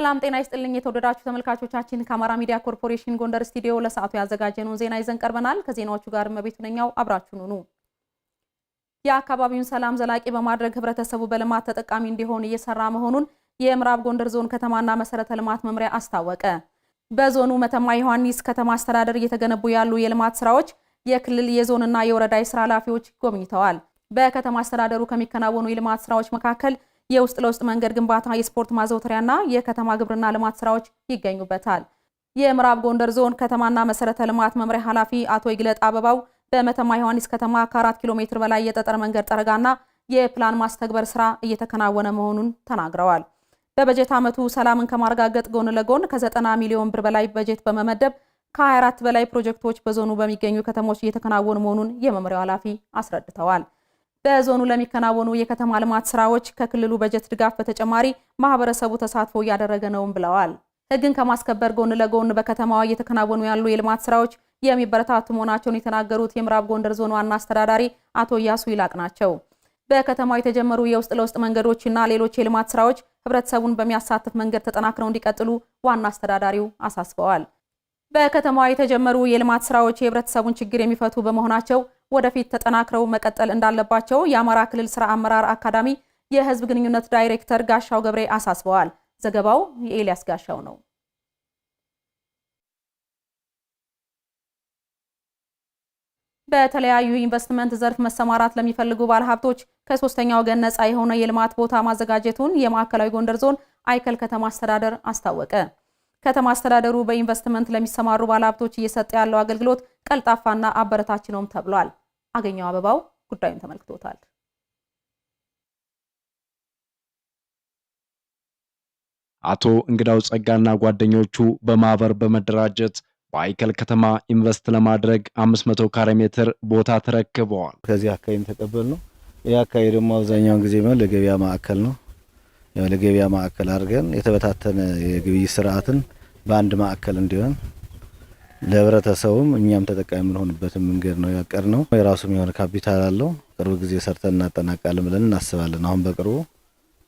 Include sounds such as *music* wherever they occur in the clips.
ሰላም ጤና ይስጥልኝ የተወደዳችሁ ተመልካቾቻችን፣ ከአማራ ሚዲያ ኮርፖሬሽን ጎንደር ስቱዲዮ ለሰዓቱ ያዘጋጀነውን ዜና ይዘን ቀርበናል። ከዜናዎቹ ጋር መቤቱ ነኛው አብራችሁን ሁኑ። የአካባቢውን ሰላም ዘላቂ በማድረግ ህብረተሰቡ በልማት ተጠቃሚ እንዲሆን እየሰራ መሆኑን የምዕራብ ጎንደር ዞን ከተማና መሰረተ ልማት መምሪያ አስታወቀ። በዞኑ መተማ ዮሐንስ ከተማ አስተዳደር እየተገነቡ ያሉ የልማት ስራዎች የክልል የዞንና የወረዳ የስራ ኃላፊዎች ጎብኝተዋል። በከተማ አስተዳደሩ ከሚከናወኑ የልማት ስራዎች መካከል የውስጥ ለውስጥ መንገድ ግንባታ፣ የስፖርት ማዘውተሪያና የከተማ ግብርና ልማት ስራዎች ይገኙበታል። የምዕራብ ጎንደር ዞን ከተማና መሰረተ ልማት መምሪያ ኃላፊ አቶ ይግለጥ አበባው በመተማ ዮሐንስ ከተማ ከአራት ኪሎ ሜትር በላይ የጠጠር መንገድ ጠረጋና የፕላን ማስተግበር ስራ እየተከናወነ መሆኑን ተናግረዋል። በበጀት ዓመቱ ሰላምን ከማረጋገጥ ጎን ለጎን ከዘጠና ሚሊዮን ብር በላይ በጀት በመመደብ ከ24 በላይ ፕሮጀክቶች በዞኑ በሚገኙ ከተሞች እየተከናወኑ መሆኑን የመምሪያው ኃላፊ አስረድተዋል። በዞኑ ለሚከናወኑ የከተማ ልማት ስራዎች ከክልሉ በጀት ድጋፍ በተጨማሪ ማህበረሰቡ ተሳትፎ እያደረገ ነውም ብለዋል። ህግን ከማስከበር ጎን ለጎን በከተማዋ እየተከናወኑ ያሉ የልማት ስራዎች የሚበረታቱ መሆናቸውን የተናገሩት የምዕራብ ጎንደር ዞን ዋና አስተዳዳሪ አቶ እያሱ ይላቅ ናቸው። በከተማዋ የተጀመሩ የውስጥ ለውስጥ መንገዶችና ሌሎች የልማት ስራዎች ህብረተሰቡን በሚያሳትፍ መንገድ ተጠናክረው እንዲቀጥሉ ዋና አስተዳዳሪው አሳስበዋል። በከተማዋ የተጀመሩ የልማት ስራዎች የህብረተሰቡን ችግር የሚፈቱ በመሆናቸው ወደፊት ተጠናክረው መቀጠል እንዳለባቸው የአማራ ክልል ስራ አመራር አካዳሚ የህዝብ ግንኙነት ዳይሬክተር ጋሻው ገብሬ አሳስበዋል። ዘገባው የኤልያስ ጋሻው ነው። በተለያዩ ኢንቨስትመንት ዘርፍ መሰማራት ለሚፈልጉ ባለሀብቶች ከሶስተኛ ወገን ነፃ የሆነ የልማት ቦታ ማዘጋጀቱን የማዕከላዊ ጎንደር ዞን አይከል ከተማ አስተዳደር አስታወቀ። ከተማ አስተዳደሩ በኢንቨስትመንት ለሚሰማሩ ባለሀብቶች እየሰጠ ያለው አገልግሎት ቀልጣፋና አበረታች ነውም ተብሏል። አገኘው አበባው ጉዳዩን ተመልክቶታል። አቶ እንግዳው ጸጋና ጓደኞቹ በማህበር በመደራጀት በአይከል ከተማ ኢንቨስት ለማድረግ 500 ካሬ ሜትር ቦታ ተረክበዋል። ከዚህ አካባቢ ተቀበል ነው። ይህ አካባቢ ደግሞ አብዛኛውን ጊዜ ለገበያ ማዕከል ነው። ለገበያ ማዕከል አድርገን የተበታተነ የግብይት ስርዓትን በአንድ ማዕከል እንዲሆን ለህብረተሰቡም እኛም ተጠቃሚ የምንሆንበትን መንገድ ነው ያቀር ነው። የራሱም የሆነ ካፒታል አለው። ቅርብ ጊዜ ሰርተን እናጠናቃለን ብለን እናስባለን። አሁን በቅርቡ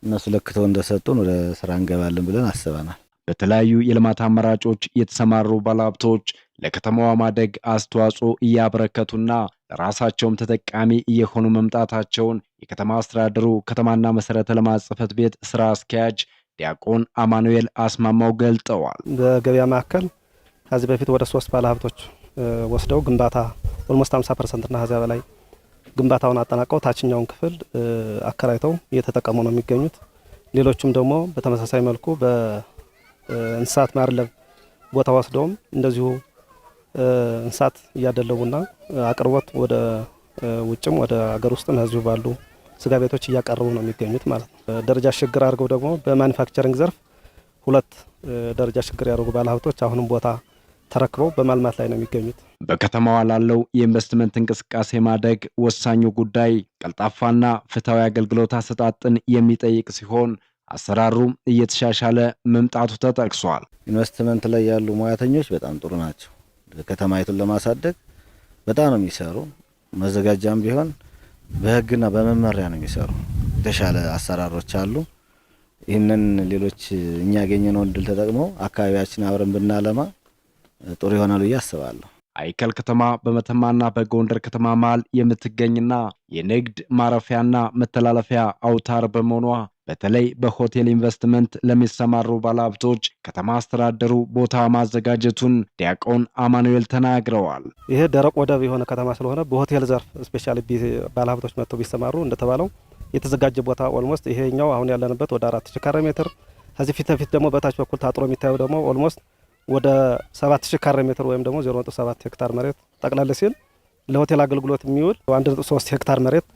እነሱ ለክተው እንደሰጡን ወደ ስራ እንገባለን ብለን አስበናል። በተለያዩ የልማት አማራጮች የተሰማሩ ባለሀብቶች ለከተማዋ ማደግ አስተዋጽኦ እያበረከቱና ራሳቸውም ተጠቃሚ እየሆኑ መምጣታቸውን የከተማ አስተዳደሩ ከተማና መሰረተ ልማት ጽህፈት ቤት ስራ አስኪያጅ ዲያቆን አማኑኤል አስማማው ገልጠዋል። በገበያ ማዕከል ከዚህ በፊት ወደ ሶስት ባለሀብቶች ወስደው ግንባታ ኦልሞስት 50 ፐርሰንትና ከዚያ በላይ ግንባታውን አጠናቀው ታችኛውን ክፍል አከራይተው እየተጠቀሙ ነው የሚገኙት። ሌሎቹም ደግሞ በተመሳሳይ መልኩ በእንስሳት ማርለብ ቦታ ወስደውም እንደዚሁ እንስሳት እያደለቡና አቅርቦት ወደ ውጭም ወደ አገር ውስጥም ህዚሁ ባሉ ስጋ ቤቶች እያቀረቡ ነው የሚገኙት ማለት ነው። ደረጃ ሽግግር አድርገው ደግሞ በማኒፋክቸሪንግ ዘርፍ ሁለት ደረጃ ሽግግር ያደርጉ ባለሀብቶች አሁንም ቦታ ተረክበው በማልማት ላይ ነው የሚገኙት። በከተማዋ ላለው የኢንቨስትመንት እንቅስቃሴ ማደግ ወሳኙ ጉዳይ ቀልጣፋና ፍትሐዊ አገልግሎት አሰጣጥን የሚጠይቅ ሲሆን አሰራሩም እየተሻሻለ መምጣቱ ተጠቅሷል። ኢንቨስትመንት ላይ ያሉ ሙያተኞች በጣም ጥሩ ናቸው። ከተማይቱን ለማሳደግ በጣም ነው የሚሰሩ። መዘጋጃም ቢሆን በህግና በመመሪያ ነው የሚሰሩ። የተሻለ አሰራሮች አሉ። ይህንን ሌሎች እኛ ያገኘነውን እድል ተጠቅመው አካባቢያችን አብረን ብናለማ ጥሩ ይሆናል ብዬ አስባለሁ። አይከል ከተማ በመተማና በጎንደር ከተማ መሃል የምትገኝና የንግድ ማረፊያና መተላለፊያ አውታር በመሆኗ በተለይ በሆቴል ኢንቨስትመንት ለሚሰማሩ ባለሀብቶች ከተማ አስተዳደሩ ቦታ ማዘጋጀቱን ዲያቆን አማኑኤል ተናግረዋል። ይህ ደረቅ ወደብ የሆነ ከተማ ስለሆነ በሆቴል ዘርፍ ስፔሻሊ ባለሀብቶች መጥተው ቢሰማሩ እንደተባለው የተዘጋጀ ቦታ ኦልሞስት ይሄኛው አሁን ያለንበት ወደ አራት ሺ ካሬ ሜትር ከዚህ ፊት ለፊት ደግሞ በታች በኩል ታጥሮ የሚታየው ደግሞ ኦልሞስት ወደ 7000 ካሬ ሜትር ወይም ደግሞ 0.7 ሄክታር መሬት ጠቅለል ሲል ለሆቴል አገልግሎት የሚውል 1.3 ሄክታር መሬት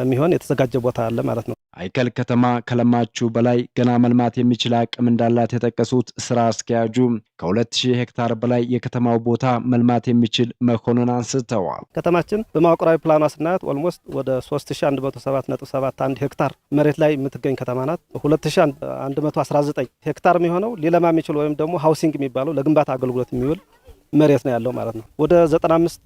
የሚሆን የተዘጋጀ ቦታ አለ ማለት ነው። አይከል ከተማ ከለማችሁ በላይ ገና መልማት የሚችል አቅም እንዳላት የጠቀሱት ስራ አስኪያጁ ከ2000 ሄክታር በላይ የከተማው ቦታ መልማት የሚችል መሆኑን አንስተዋል። ከተማችን በመዋቅራዊ ፕላኗ ስናያት ኦልሞስት ወደ 3177.71 ሄክታር መሬት ላይ የምትገኝ ከተማ ናት። 2119 ሄክታር የሚሆነው ሊለማ የሚችል ወይም ደግሞ ሀውሲንግ የሚባለው ለግንባታ አገልግሎት የሚውል መሬት ነው ያለው ማለት ነው። ወደ 95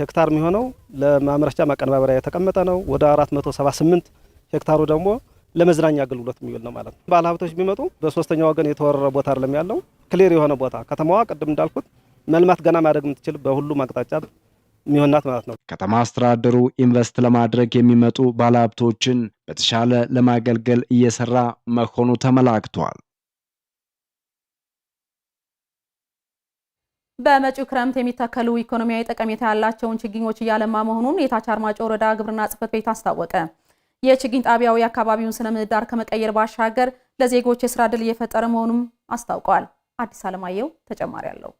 ሄክታር የሚሆነው ለማምረቻ ማቀነባበሪያ የተቀመጠ ነው። ወደ 478 ሄክታሩ ደግሞ ለመዝናኛ አገልግሎት የሚውል ነው ማለት ነው። ባለሀብቶች ቢመጡ በሶስተኛ ወገን የተወረረ ቦታ አይደለም ያለው፣ ክሌር የሆነ ቦታ ከተማዋ ቅድም እንዳልኩት መልማት ገና ማድረግ የምትችል በሁሉም አቅጣጫ የሚሆናት ማለት ነው። ከተማ አስተዳደሩ ኢንቨስት ለማድረግ የሚመጡ ባለሀብቶችን በተሻለ ለማገልገል እየሰራ መሆኑ ተመላክቷል። በመጪው ክረምት የሚተከሉ ኢኮኖሚያዊ ጠቀሜታ ያላቸውን ችግኞች እያለማ መሆኑን የታች አርማጭሆ ወረዳ ግብርና ጽሕፈት ቤት አስታወቀ። የችግኝ ጣቢያው የአካባቢውን ስነ ምህዳር ከመቀየር ባሻገር ለዜጎች የስራ ዕድል እየፈጠረ መሆኑም አስታውቀዋል። አዲስ አለማየሁ ተጨማሪ አለው።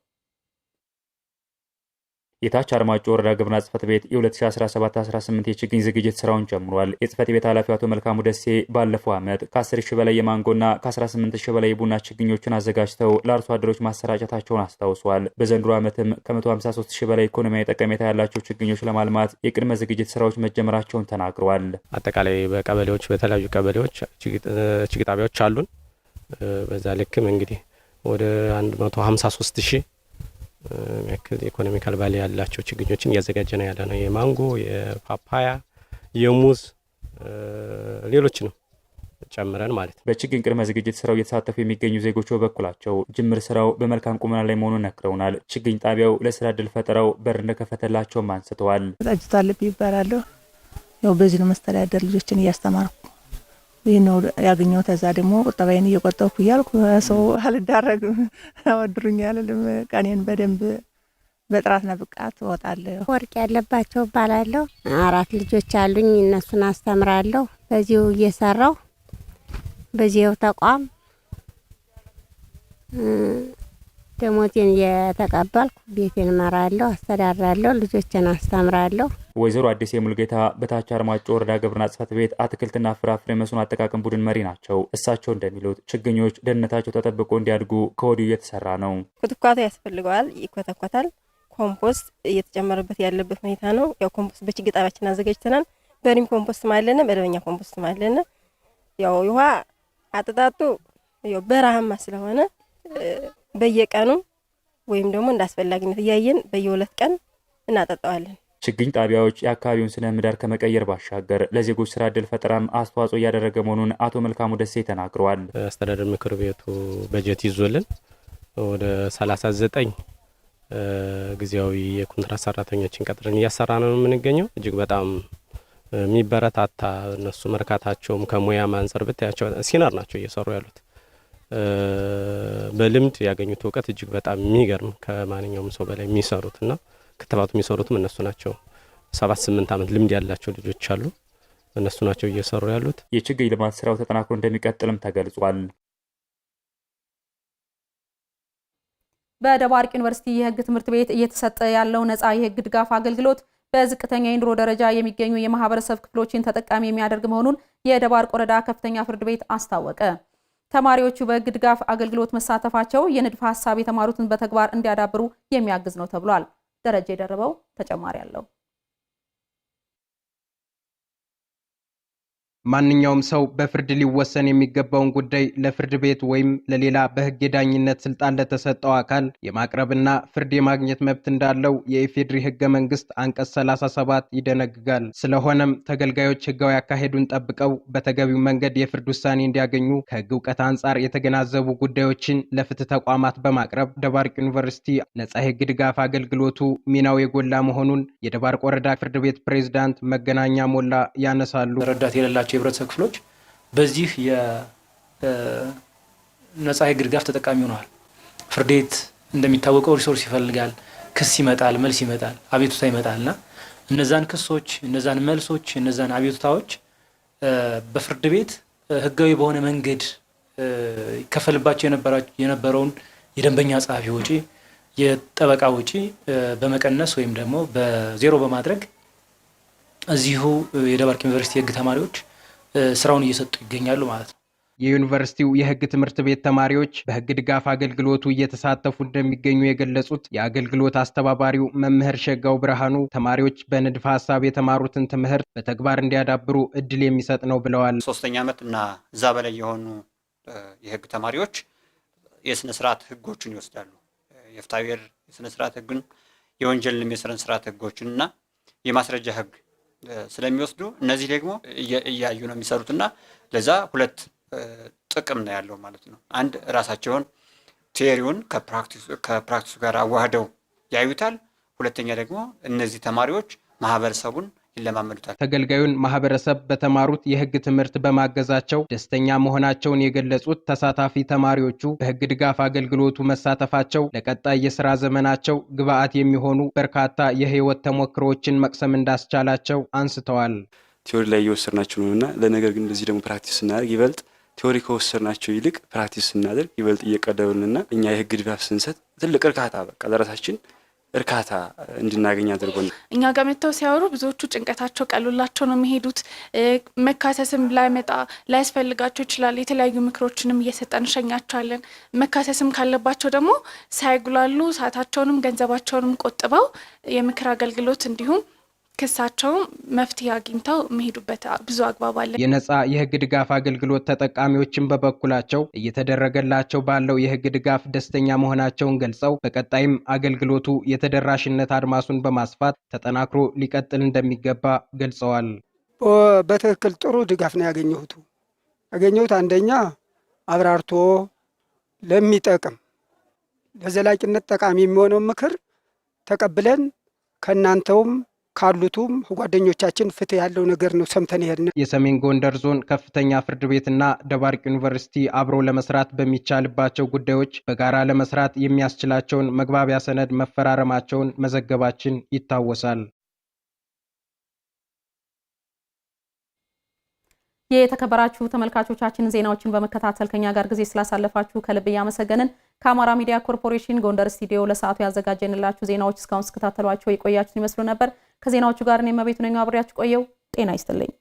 የታች አርማጭ ወረዳ ግብርና ጽፈት ቤት የ2017/18 የችግኝ ዝግጅት ስራውን ጀምሯል። የጽፈት ቤት ኃላፊው አቶ መልካሙ ደሴ ባለፈው ዓመት ከ10 ሺህ በላይ የማንጎና ከ18 ሺህ በላይ የቡና ችግኞችን አዘጋጅተው ለአርሶ አደሮች ማሰራጨታቸውን አስታውሷል። በዘንድሮ ዓመትም ከ153 ሺህ በላይ ኢኮኖሚያዊ ጠቀሜታ ያላቸው ችግኞች ለማልማት የቅድመ ዝግጅት ስራዎች መጀመራቸውን ተናግረዋል። አጠቃላይ በቀበሌዎች በተለያዩ ቀበሌዎች ችግኝ ጣቢያዎች አሉን። በዛ ልክም እንግዲህ ወደ 153 ሺህ የሚያክል ኢኮኖሚካል ቫሊ ያላቸው ችግኞችን እያዘጋጀ ነው ያለ ነው። የማንጎ፣ የፓፓያ፣ የሙዝ ሌሎች ነው ጨምረን ማለት ነው። በችግኝ ቅድመ ዝግጅት ስራው እየተሳተፉ የሚገኙ ዜጎች በበኩላቸው ጅምር ስራው በመልካም ቁመና ላይ መሆኑን ነግረውናል። ችግኝ ጣቢያው ለስራ እድል ፈጠራው በር እንደከፈተላቸውም አንስተዋል። ጣጅታለብ ይባላለሁ። ያው በዚህ ነው መስተዳደር ልጆችን እያስተማርኩ ይህ ነው ያገኘው። ተዛ ደግሞ ቁጠባዬን እየቆጠብኩ እያልኩ ሰው አልዳረግ አልዳረግም *laughs* ወድሩኛል። ቀኔን በደንብ በጥራትና ብቃት እወጣለሁ። ወርቅ ያለባቸው እባላለሁ። አራት ልጆች አሉኝ። እነሱን አስተምራለሁ። በዚሁ እየሰራው በዚህው ተቋም ደሞዜን እየተቀበልኩ ቤቴን እመራለሁ፣ አስተዳድራለሁ፣ ልጆችን አስተምራለሁ። ወይዘሮ አዲስ የሙልጌታ በታች አርማጭሆ ወረዳ ግብርና ጽሕፈት ቤት አትክልትና ፍራፍሬ መስኖ አጠቃቀም ቡድን መሪ ናቸው። እሳቸው እንደሚሉት ችግኞች ደህንነታቸው ተጠብቆ እንዲያድጉ ከወዲሁ እየተሰራ ነው። ኩትኳቶ ያስፈልገዋል፣ ይኮተኮታል። ኮምፖስት እየተጨመረበት ያለበት ሁኔታ ነው። ያው ኮምፖስት በችግኝ ጣቢያችን አዘጋጅተናል። በሪም ኮምፖስት ማለነ፣ መደበኛ ኮምፖስት ማለነ። ያው ውሃ አጠጣጡ በረሃማ ስለሆነ በየቀኑ ወይም ደግሞ እንደ አስፈላጊነት እያየን በየሁለት ቀን እናጠጣዋለን። ችግኝ ጣቢያዎች የአካባቢውን ስነ ምህዳር ከመቀየር ባሻገር ለዜጎች ስራ እድል ፈጠራም አስተዋጽኦ እያደረገ መሆኑን አቶ መልካሙ ደሴ ተናግረዋል። አስተዳደር ምክር ቤቱ በጀት ይዞልን ወደ 39 ጊዜያዊ የኮንትራት ሰራተኞችን ቀጥረን እያሰራ ነው የምንገኘው። እጅግ በጣም የሚበረታታ እነሱ መርካታቸውም ከሙያም አንጻር ብታያቸው ሲነር ናቸው እየሰሩ ያሉት በልምድ ያገኙት እውቀት እጅግ በጣም የሚገርም ከማንኛውም ሰው በላይ የሚሰሩትና ክትባቱ የሚሰሩትም እነሱ ናቸው። ሰባት ስምንት ዓመት ልምድ ያላቸው ልጆች አሉ። እነሱ ናቸው እየሰሩ ያሉት። የችግኝ ልማት ስራው ተጠናክሮ እንደሚቀጥልም ተገልጿል። በደባርቅ ዩኒቨርሲቲ የህግ ትምህርት ቤት እየተሰጠ ያለው ነጻ የህግ ድጋፍ አገልግሎት በዝቅተኛ የኑሮ ደረጃ የሚገኙ የማህበረሰብ ክፍሎችን ተጠቃሚ የሚያደርግ መሆኑን የደባርቅ ወረዳ ከፍተኛ ፍርድ ቤት አስታወቀ። ተማሪዎቹ በህግ ድጋፍ አገልግሎት መሳተፋቸው የንድፈ ሀሳብ የተማሩትን በተግባር እንዲያዳብሩ የሚያግዝ ነው ተብሏል። ደረጀ የደረበው ተጨማሪ አለው። ማንኛውም ሰው በፍርድ ሊወሰን የሚገባውን ጉዳይ ለፍርድ ቤት ወይም ለሌላ በሕግ የዳኝነት ስልጣን ለተሰጠው አካል የማቅረብና ፍርድ የማግኘት መብት እንዳለው የኢፌዴሪ ሕገ መንግስት አንቀጽ 37 ይደነግጋል። ስለሆነም ተገልጋዮች ሕጋዊ አካሄዱን ጠብቀው በተገቢው መንገድ የፍርድ ውሳኔ እንዲያገኙ ከሕግ እውቀት አንጻር የተገናዘቡ ጉዳዮችን ለፍትህ ተቋማት በማቅረብ ደባርቅ ዩኒቨርሲቲ ነጻ የሕግ ድጋፍ አገልግሎቱ ሚናው የጎላ መሆኑን የደባርቅ ወረዳ ፍርድ ቤት ፕሬዝዳንት መገናኛ ሞላ ያነሳሉ። ረዳት የሌላቸው የህብረተሰብ ክፍሎች በዚህ የነጻ የህግ ድጋፍ ተጠቃሚ ሆነዋል። ፍርድ ቤት እንደሚታወቀው ሪሶርስ ይፈልጋል። ክስ ይመጣል፣ መልስ ይመጣል፣ አቤቱታ ይመጣልና እነዛን ክሶች፣ እነዛን መልሶች፣ እነዛን አቤቱታዎች በፍርድ ቤት ህጋዊ በሆነ መንገድ ይከፈልባቸው የነበረውን የደንበኛ ጸሐፊ ወጪ፣ የጠበቃ ወጪ በመቀነስ ወይም ደግሞ በዜሮ በማድረግ እዚሁ የደባርቅ ዩኒቨርሲቲ የህግ ተማሪዎች ስራውን እየሰጡ ይገኛሉ ማለት ነው። የዩኒቨርሲቲው የህግ ትምህርት ቤት ተማሪዎች በህግ ድጋፍ አገልግሎቱ እየተሳተፉ እንደሚገኙ የገለጹት የአገልግሎት አስተባባሪው መምህር ሸጋው ብርሃኑ ተማሪዎች በንድፈ ሀሳብ የተማሩትን ትምህርት በተግባር እንዲያዳብሩ እድል የሚሰጥ ነው ብለዋል። ሶስተኛ ዓመት እና እዛ በላይ የሆኑ የህግ ተማሪዎች የስነ ስርዓት ህጎችን ይወስዳሉ። የፍታዊር የስነ ስርዓት ህግን፣ የወንጀልንም የስነ ስርዓት ህጎችን እና የማስረጃ ህግ ስለሚወስዱ እነዚህ ደግሞ እያዩ ነው የሚሰሩት እና ለዛ ሁለት ጥቅም ነው ያለው ማለት ነው። አንድ ራሳቸውን ቴሪውን ከፕራክቲሱ ጋር አዋህደው ያዩታል። ሁለተኛ ደግሞ እነዚህ ተማሪዎች ማህበረሰቡን ይለማመዱታል። ተገልጋዩን ማህበረሰብ በተማሩት የህግ ትምህርት በማገዛቸው ደስተኛ መሆናቸውን የገለጹት ተሳታፊ ተማሪዎቹ በህግ ድጋፍ አገልግሎቱ መሳተፋቸው ለቀጣይ የስራ ዘመናቸው ግብአት የሚሆኑ በርካታ የህይወት ተሞክሮዎችን መቅሰም እንዳስቻላቸው አንስተዋል። ቲዎሪ ላይ እየወሰድናቸው ነውና ለነገር ግን እንደዚህ ደግሞ ፕራክቲስ ስናደርግ ይበልጥ ቲዎሪ ከወሰድናቸው ይልቅ ፕራክቲስ ስናደርግ ይበልጥ እየቀደብንና እኛ የህግ ድጋፍ ስንሰጥ ትልቅ እርካታ በቃ ለራሳችን እርካታ እንድናገኝ አድርጎ እኛ ጋር መጥተው ሲያወሩ ብዙዎቹ ጭንቀታቸው ቀሉላቸው ነው የሚሄዱት። መካሰስም ላይመጣ ላያስፈልጋቸው ይችላል። የተለያዩ ምክሮችንም እየሰጠን እንሸኛቸዋለን። መካሰስም ካለባቸው ደግሞ ሳይጉላሉ ሰዓታቸውንም ገንዘባቸውንም ቆጥበው የምክር አገልግሎት እንዲሁም ክሳቸውም መፍትሄ አግኝተው የሚሄዱበት ብዙ አግባብ አለ። የነጻ የህግ ድጋፍ አገልግሎት ተጠቃሚዎችን በበኩላቸው እየተደረገላቸው ባለው የህግ ድጋፍ ደስተኛ መሆናቸውን ገልጸው በቀጣይም አገልግሎቱ የተደራሽነት አድማሱን በማስፋት ተጠናክሮ ሊቀጥል እንደሚገባ ገልጸዋል። በትክክል ጥሩ ድጋፍ ነው ያገኘሁት። ያገኘሁት አንደኛ አብራርቶ ለሚጠቅም ለዘላቂነት ጠቃሚ የሚሆነው ምክር ተቀብለን ከእናንተውም ካሉቱም ጓደኞቻችን ፍትህ ያለው ነገር ነው ሰምተን ያልን። የሰሜን ጎንደር ዞን ከፍተኛ ፍርድ ቤትና ደባርቅ ዩኒቨርሲቲ አብሮ ለመስራት በሚቻልባቸው ጉዳዮች በጋራ ለመስራት የሚያስችላቸውን መግባቢያ ሰነድ መፈራረማቸውን መዘገባችን ይታወሳል። የተከበራችሁ ተመልካቾቻችን ዜናዎችን በመከታተል ከኛ ጋር ጊዜ ስላሳለፋችሁ ከልብ እያመሰገንን ከአማራ ሚዲያ ኮርፖሬሽን ጎንደር ስቱዲዮ ለሰዓቱ ያዘጋጀንላችሁ ዜናዎች እስካሁን ስከታተሏቸው የቆያችሁን ይመስሉ ነበር። ከዜናዎቹ ጋር እኔ መቤቱ ነኝ። አብሬያችሁ ቆየው። ጤና ይስጥልኝ።